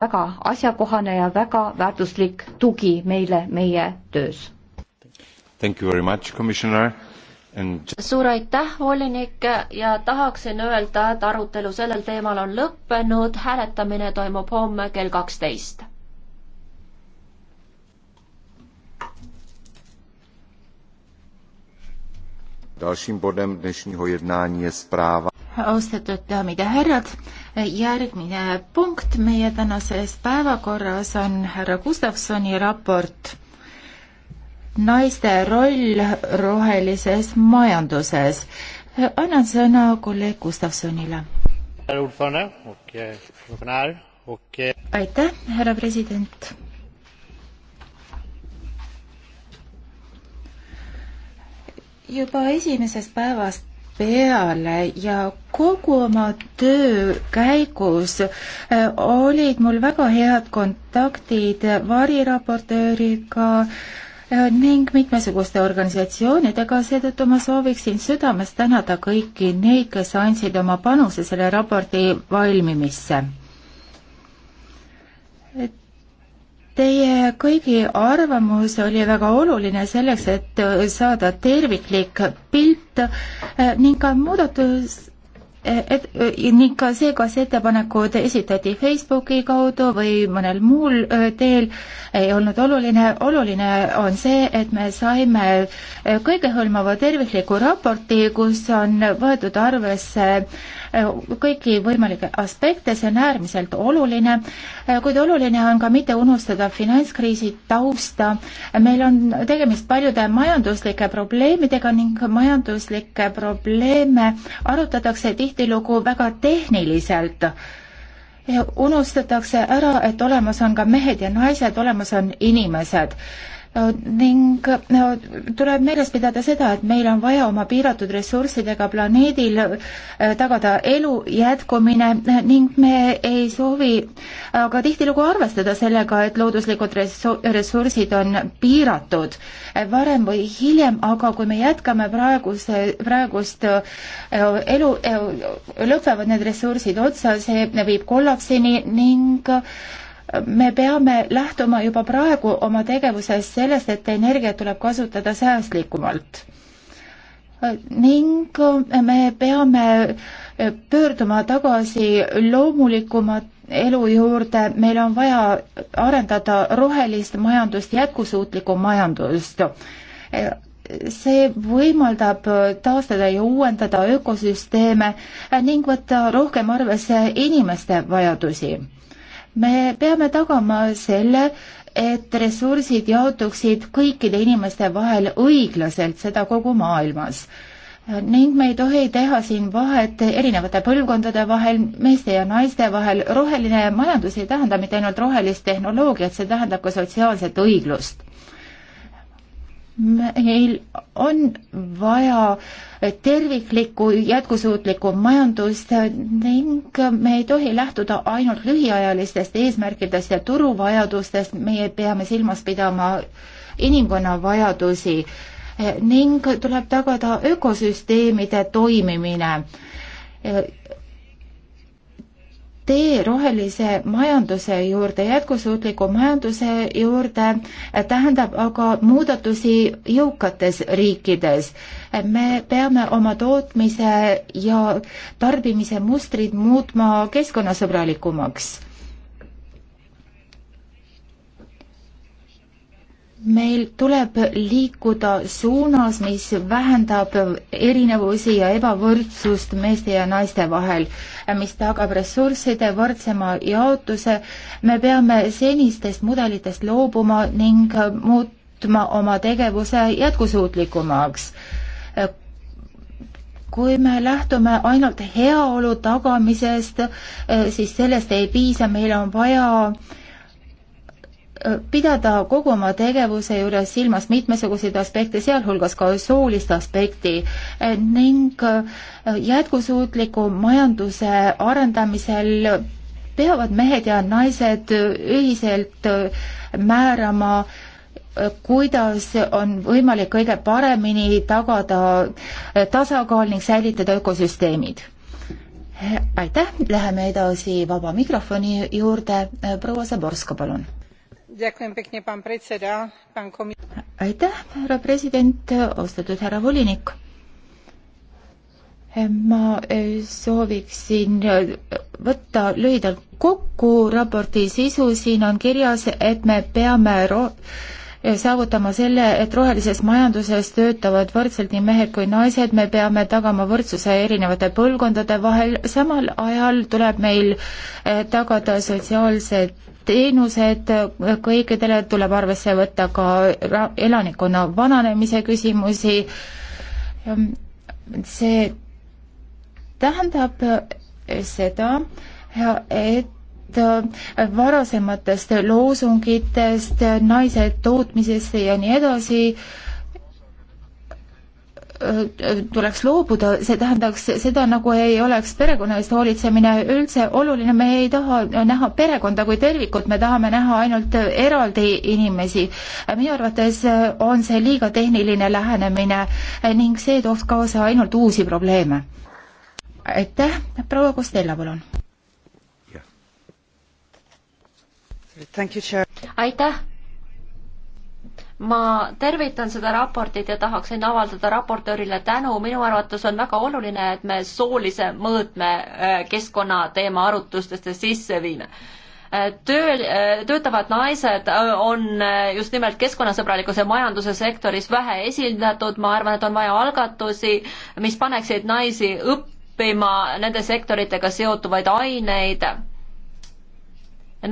väga asjakohane ja väga väärtuslik tugi meile meie töös. And... suur aitäh, volinik, ja tahaksin öelda, et arutelu sellel teemal on lõppenud, hääletamine toimub homme kell kaksteist. austatud daamid ja härrad, järgmine punkt meie tänases päevakorras on härra Gustavsoni raport naiste roll rohelises majanduses. annan sõna kolleeg Gustavsonile. Eh, eh, aitäh, härra president juba esimesest päevast peale ja kogu oma töö käigus äh, olid mul väga head kontaktid variraportööriga äh, ning mitmesuguste organisatsioonidega, seetõttu ma sooviksin südamest tänada kõiki neid, kes andsid oma panuse selle raporti valmimisse Teie kõigi arvamus oli väga oluline selleks, et äh, saada terviklik pilt äh, ning ka muudatus äh, et ning ka see, kas ettepanekud esitati Facebooki kaudu või mõnel muul teel, ei olnud oluline. oluline on see, et me saime kõigehõlmava tervikliku raporti, kus on võetud arvesse kõiki võimalikke aspekte, see on äärmiselt oluline, kuid oluline on ka mitte unustada finantskriisi tausta. meil on tegemist paljude majanduslike probleemidega ning majanduslikke probleeme arutatakse tihtilugu väga tehniliselt unustatakse ära, et olemas on ka mehed ja naised, olemas on inimesed ning äh, tuleb meeles pidada seda, et meil on vaja oma piiratud ressurssidega planeedil äh, tagada elu jätkumine äh, ning me ei soovi aga tihtilugu arvestada sellega, et looduslikud ressursid on piiratud varem või hiljem, aga kui me jätkame praeguse, praegust elu, lõpevad need ressursid otsa, see viib kollapsini ning me peame lähtuma juba praegu oma tegevuses sellest, et energiat tuleb kasutada säästlikumalt. ning me peame pöörduma tagasi loomulikuma elu juurde, meil on vaja arendada rohelist majandust, jätkusuutlikku majandust see võimaldab taastada ja uuendada ökosüsteeme ning võtta rohkem arvesse inimeste vajadusi me peame tagama selle, et ressursid jaotuksid kõikide inimeste vahel õiglaselt, seda kogu maailmas. ning me ei tohi teha siin vahet erinevate põlvkondade vahel, meeste ja naiste vahel, roheline majandus ei tähenda mitte ainult rohelist tehnoloogiat, see tähendab ka sotsiaalset õiglust meil on vaja terviklikku jätkusuutlikku majandust ning me ei tohi lähtuda ainult lühiajalistest eesmärkidest ja turuvajadustest, meie peame silmas pidama inimkonna vajadusi ning tuleb tagada ökosüsteemide toimimine tee rohelise majanduse juurde, jätkusuutliku majanduse juurde eh, tähendab aga muudatusi jõukates riikides. Eh, me peame oma tootmise ja tarbimise mustrid muutma keskkonnasõbralikumaks meil tuleb liikuda suunas, mis vähendab erinevusi ja ebavõrdsust meeste ja naiste vahel, mis tagab ressursside võrdsema jaotuse. me peame senistest mudelitest loobuma ning muutma oma tegevuse jätkusuutlikumaks. kui me lähtume ainult heaolu tagamisest, eh, siis sellest ei piisa, meil on vaja äh, pidada kogu oma tegevuse juures silmas mitmesuguseid aspekte, sealhulgas ka soolist aspekti e, ning jätkusuutliku majanduse arendamisel peavad mehed ja naised ühiselt e, määrama, e, kuidas on võimalik kõige paremini tagada tasakaal ning säilitada ökosüsteemid aitäh, läheme edasi vaba mikrofoni juurde, proua Zaborska, palun aitäh, härra president, austatud härra volinik. ma eh, sooviksin eh, võtta lühidalt kokku raporti sisu, siin on kirjas, et me peame ro-, eh, saavutama selle, et rohelises majanduses töötavad võrdselt nii mehed kui naised, me peame tagama võrdsuse erinevate põlvkondade vahel, samal ajal tuleb meil tagada sotsiaalsed teenused kõikidele, tuleb arvesse võtta ka elanikkonna vananemise küsimusi, see tähendab seda, et varasematest loosungitest naised tootmisesse ja nii edasi, Äh, tuleks loobuda, see tähendaks seda, nagu ei oleks perekonna eest hoolitsemine üldse oluline, me ei taha näha perekonda kui tervikut, me tahame näha ainult eraldi inimesi. minu arvates on see liiga tehniline lähenemine ning see tooks kaasa ainult uusi probleeme. aitäh, proua Kostella, palun. aitäh ma tervitan seda raportit ja tahaksin avaldada raportöörile tänu, minu arvates on väga oluline, et me soolise mõõtme äh, keskkonnateema arutlustesse sisse viime äh, tööl, äh, töötavad naised on just nimelt keskkonnasõbralikkuse majanduse sektoris vähe esindatud, ma arvan, et on vaja algatusi, mis paneksid naisi õppima nende sektoritega seotuvaid aineid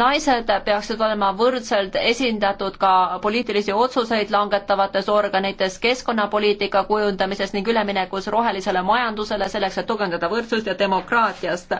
naised peaksid olema võrdselt esindatud ka poliitilisi otsuseid langetavates organites, keskkonnapoliitika kujundamises ning üleminekus rohelisele majandusele, selleks et tugevdada võrdsust ja demokraatiast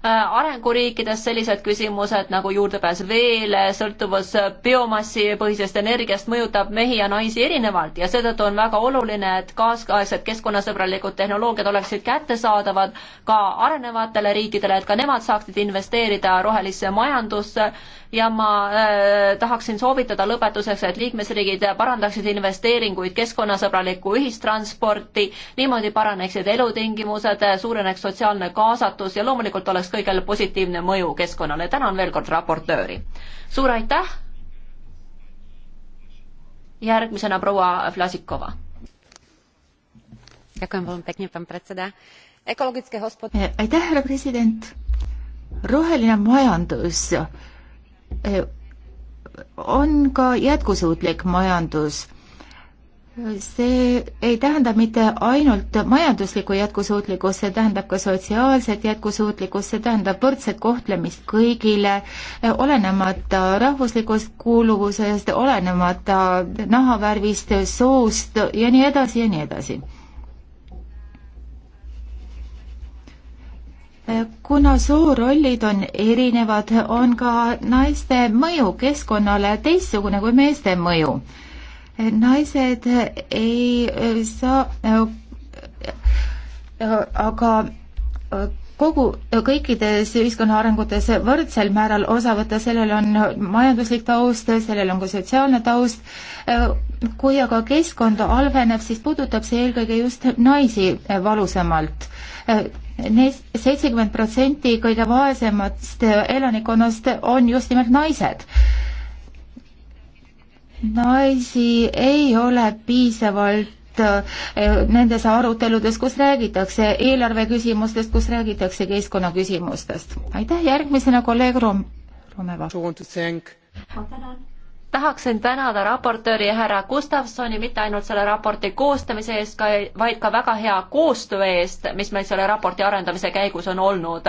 Äh, arenguriikides sellised küsimused nagu juurdepääs veele, sõltuvus biomassipõhisest energiast mõjutab mehi ja naisi erinevalt ja seetõttu on väga oluline, et kaasaegsed keskkonnasõbralikud tehnoloogiad oleksid kättesaadavad ka arenevatele riikidele, et ka nemad saaksid investeerida rohelisse majandusse ja ma äh, tahaksin soovitada lõpetuseks, et liikmesriigid parandaksid investeeringuid keskkonnasõbralikku ühistransporti, niimoodi paraneksid elutingimused, suureneks sotsiaalne kaasatus ja loomulikult oleks oleks kõigel positiivne mõju keskkonnale. tänan veel kord raportööri. suur aitäh. järgmisena proua Vlasikova. Eh, aitäh, härra president. roheline majandus eh, on ka jätkusuutlik majandus see ei tähenda mitte ainult majanduslikku jätkusuutlikkust, see tähendab ka sotsiaalset jätkusuutlikkust, see tähendab võrdset kohtlemist kõigile, olenemata rahvuslikust kuuluvusest, olenemata nahavärvist, soost ja nii edasi ja nii edasi. kuna soorollid on erinevad, on ka naiste mõju keskkonnale teistsugune kui meeste mõju naised ei saa aga kogu, kõikides ühiskonna arengutes võrdsel määral osa võtta, sellel on majanduslik taust, sellel on ka sotsiaalne taust, kui aga keskkond halveneb, siis puudutab see eelkõige just naisi valusamalt. Neist seitsekümmend protsenti kõige vaesemast elanikkonnast on just nimelt naised naisi ei ole piisavalt eh, nendes aruteludes, kus räägitakse eelarve küsimustest, kus räägitakse keskkonnaküsimustest. aitäh, järgmisena kolleeg Rom-, Romeva. ma tänan tahaksin tänada raportööri härra Gustavsoni mitte ainult selle raporti koostamise eest, vaid ka väga hea koostöö eest, mis meil selle raporti arendamise käigus on olnud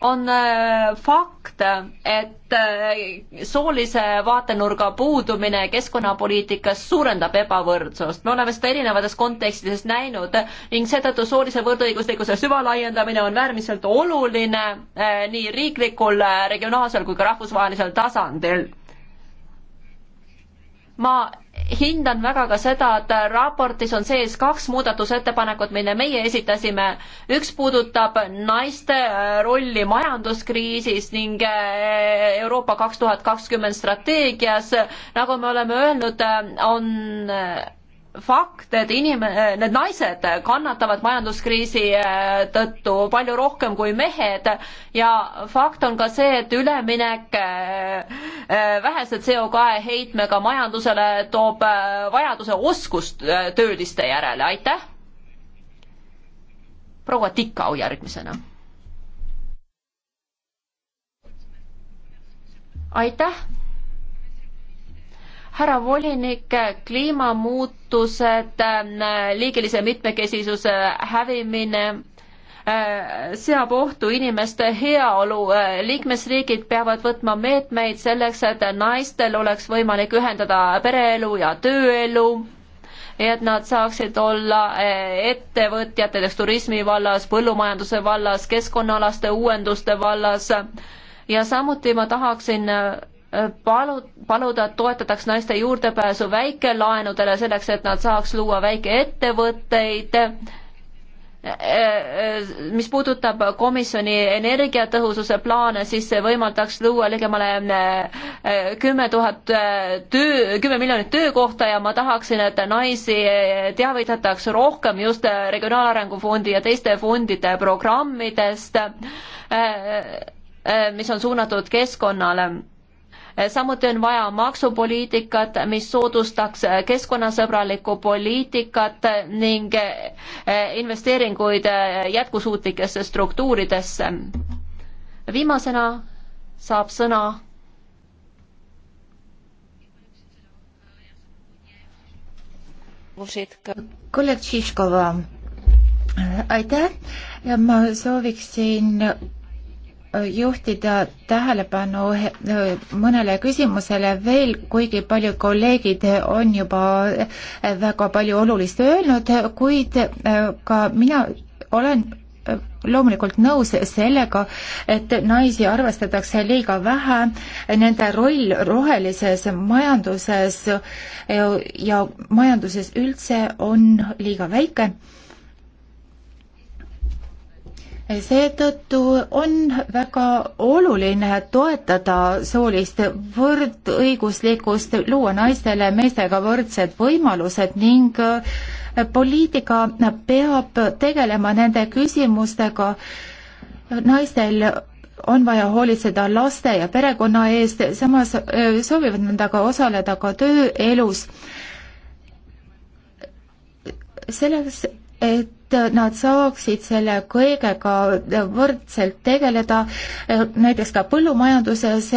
on äh, fakt, et äh, soolise vaatenurga puudumine keskkonnapoliitikas suurendab ebavõrdsust. me oleme seda erinevates kontekstides näinud ning seetõttu soolise võrdõiguslikkuse süvalaiendamine on äärmiselt oluline äh, nii riiklikul, regionaalsel kui ka rahvusvahelisel tasandil. ma hindan väga ka seda, et raportis on sees kaks muudatusettepanekut, mille meie esitasime. üks puudutab naiste äh, rolli majanduskriisis ning äh, Euroopa kaks tuhat kakskümmend strateegias. nagu me oleme öelnud, äh, on fakt, et inim-, äh, need naised kannatavad majanduskriisi äh, tõttu palju rohkem kui mehed ja fakt on ka see, et üleminek äh, vähese CO2 heitmega majandusele toob vajaduse oskust tööliste järele, aitäh! proua Tikau järgmisena. aitäh! härra volinik, kliimamuutused, liigilise mitmekesisuse hävimine äh, seab ohtu inimeste heaolu. liikmesriigid peavad võtma meetmeid selleks, et naistel oleks võimalik ühendada pereelu ja tööelu, et nad saaksid olla äh, ettevõtjad näiteks turismi vallas, põllumajanduse vallas, keskkonnaalaste uuenduste vallas ja samuti ma tahaksin äh, palu, paluda, et toetataks naiste juurdepääsu väikelaenudele selleks, et nad saaks luua väikeettevõtteid. Äh, äh, mis puudutab komisjoni energiatõhususe plaane, siis see võimaldaks luua ligemale äh, kümme tuhat töö, kümme miljonit töökohta ja ma tahaksin, et naisi teavitataks rohkem just Regionaalarengu Fondi ja teiste fondide programmidest, mis on suunatud keskkonnale samuti on vaja maksupoliitikat, mis soodustaks keskkonnasõbralikku poliitikat ning eh, investeeringuid eh, jätkusuutlikesse struktuuridesse. viimasena saab sõna kolleeg Šiškova, aitäh ja ma sooviksin juhtida tähelepanu mõnele küsimusele veel, kuigi paljud kolleegid on juba väga palju olulist öelnud, kuid äh, ka mina olen äh, loomulikult nõus sellega, et naisi arvestatakse liiga vähe, nende roll rohelises majanduses äh, ja majanduses üldse on liiga väike seetõttu on väga oluline toetada soolist võrdõiguslikkust, luua naistele meestega võrdsed võimalused ning äh, poliitika peab tegelema nende küsimustega. naistel on vaja hoolitseda laste ja perekonna eest, samas äh, soovivad nad aga osaleda ka tööelus. selles et nad saaksid selle kõigega võrdselt tegeleda, näiteks ka põllumajanduses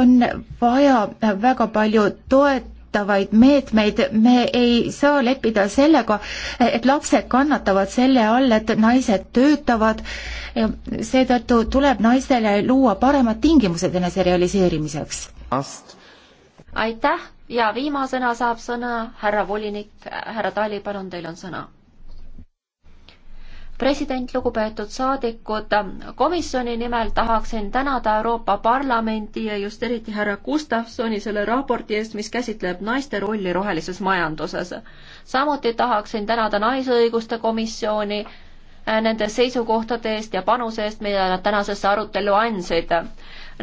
on vaja väga palju toet-, toetavaid meetmeid, me ei saa leppida sellega, et lapsed kannatavad selle all, et naised töötavad, seetõttu tuleb naistele luua paremad tingimused enese realiseerimiseks. aitäh ja viimasena saab sõna härra volinik, härra Tali, palun, teil on sõna president, lugupeetud saadikud, komisjoni nimel tahaksin tänada Euroopa Parlamendi ja just eriti härra Gustavsoni selle raporti eest, mis käsitleb naiste rolli rohelises majanduses. samuti tahaksin tänada Naisõiguste Komisjoni äh, nende seisukohtade eest ja panuse eest, mida nad tänasesse arutellu andsid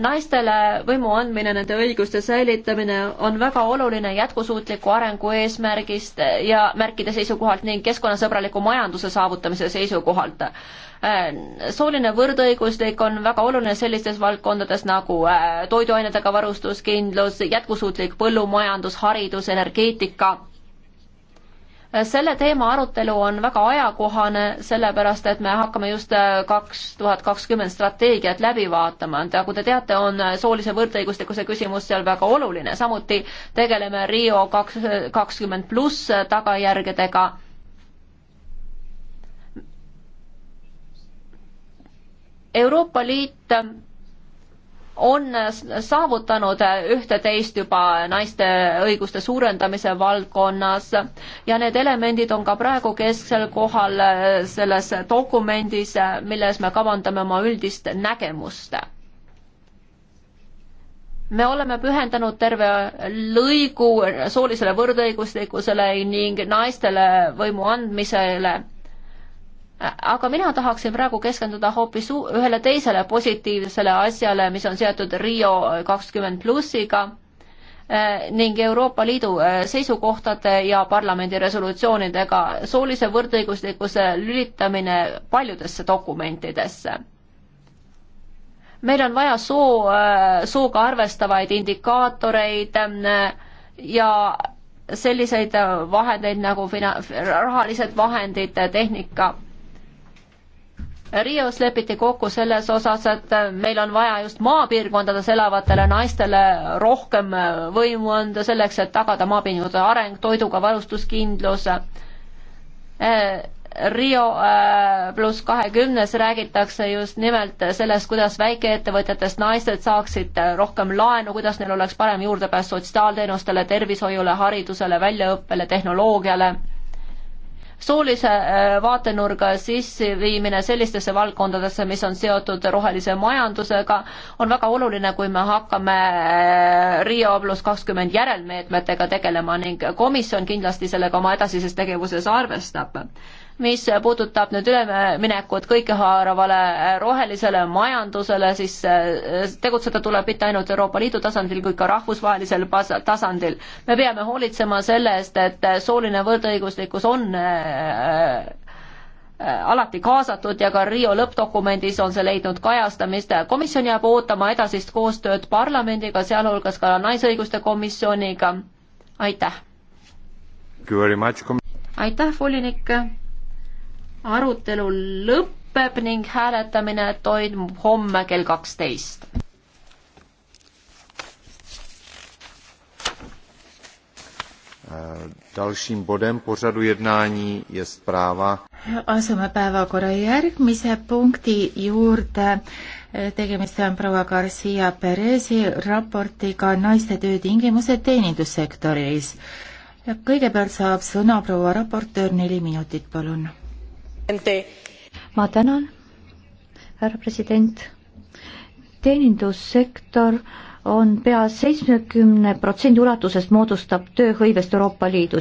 naistele võimu andmine, nende õiguste säilitamine on väga oluline jätkusuutliku arengu eesmärgist ja märkide seisukohalt ning keskkonnasõbraliku majanduse saavutamise seisukohalt. sooline võrdõiguslik on väga oluline sellistes valdkondades nagu äh, toiduainetega varustuskindlus, jätkusuutlik põllumajandus, haridus, energeetika selle teema arutelu on väga ajakohane, sellepärast et me hakkame just äh, kaks tuhat kakskümmend strateegiat läbi vaatama. nagu te teate, on äh, soolise võrdõiguslikkuse küsimus seal väga oluline, samuti tegeleme Rio kaks, äh, kakskümmend pluss tagajärgedega. Euroopa Liit on saavutanud üht-teist juba naiste õiguste suurendamise valdkonnas ja need elemendid on ka praegu kesksel kohal selles dokumendis, milles me kavandame oma üldist nägemust. me oleme pühendanud terve lõigu soolisele võrdõiguslikkusele ning naistele võimu andmisele aga mina tahaksin praegu keskenduda hoopis ühele teisele positiivsele asjale, mis on seotud Rio kakskümmend plussiga eh, ning Euroopa Liidu eh, seisukohtade ja parlamendi resolutsioonidega soolise võrdõiguslikkuse lülitamine paljudesse dokumentidesse. meil on vaja soo, eh, sooga arvestavaid indikaatoreid ja selliseid vahendeid nagu fina-, rahalised vahendid, tehnika Rios lepiti kokku selles osas, et meil on vaja just maapiirkondades elavatele naistele rohkem võimu anda selleks, et tagada maapiirkondade areng, toiduga varustuskindlus. Eh, Rio eh, pluss kahekümnes räägitakse just nimelt sellest, kuidas väikeettevõtjatest naised saaksid rohkem laenu, kuidas neil oleks parem juurdepääs sotsiaalteenustele, tervishoiule, haridusele, väljaõppele, tehnoloogiale soolise äh, vaatenurga sisseviimine sellistesse valdkondadesse, mis on seotud rohelise majandusega, on väga oluline, kui me hakkame äh, Rio pluss kakskümmend järelmeetmetega tegelema ning komisjon kindlasti sellega oma edasises tegevuses arvestab mis puudutab nüüd üleminekut kõikehaaravale rohelisele majandusele, siis äh, tegutseda tuleb mitte ainult Euroopa Liidu tasandil, kuid ka rahvusvahelisel tasandil. me peame hoolitsema selle eest, et sooline võrdõiguslikkus on äh, äh, alati kaasatud ja ka Rio lõppdokumendis on see leidnud kajastamist. komisjon jääb ootama edasist koostööd parlamendiga, sealhulgas ka Naisõiguste Komisjoniga. aitäh! aitäh, volinik! arutelu lõpeb ning hääletamine toimub homme kell kaksteist. Äh, dalším bodem pořadu jednání je zpráva. Asume päevakorra järgmise punkti juurde. Äh, tegemist on proua Garcia Perezi raportiga naiste töötingimused teenindussektoris. Kõigepealt saab sõna proua raportöör neli minutit, palun ma tänan, härra president. teenindussektor on pea seitsmekümne protsendi ulatuses moodustab tööhõivest Euroopa Liidus.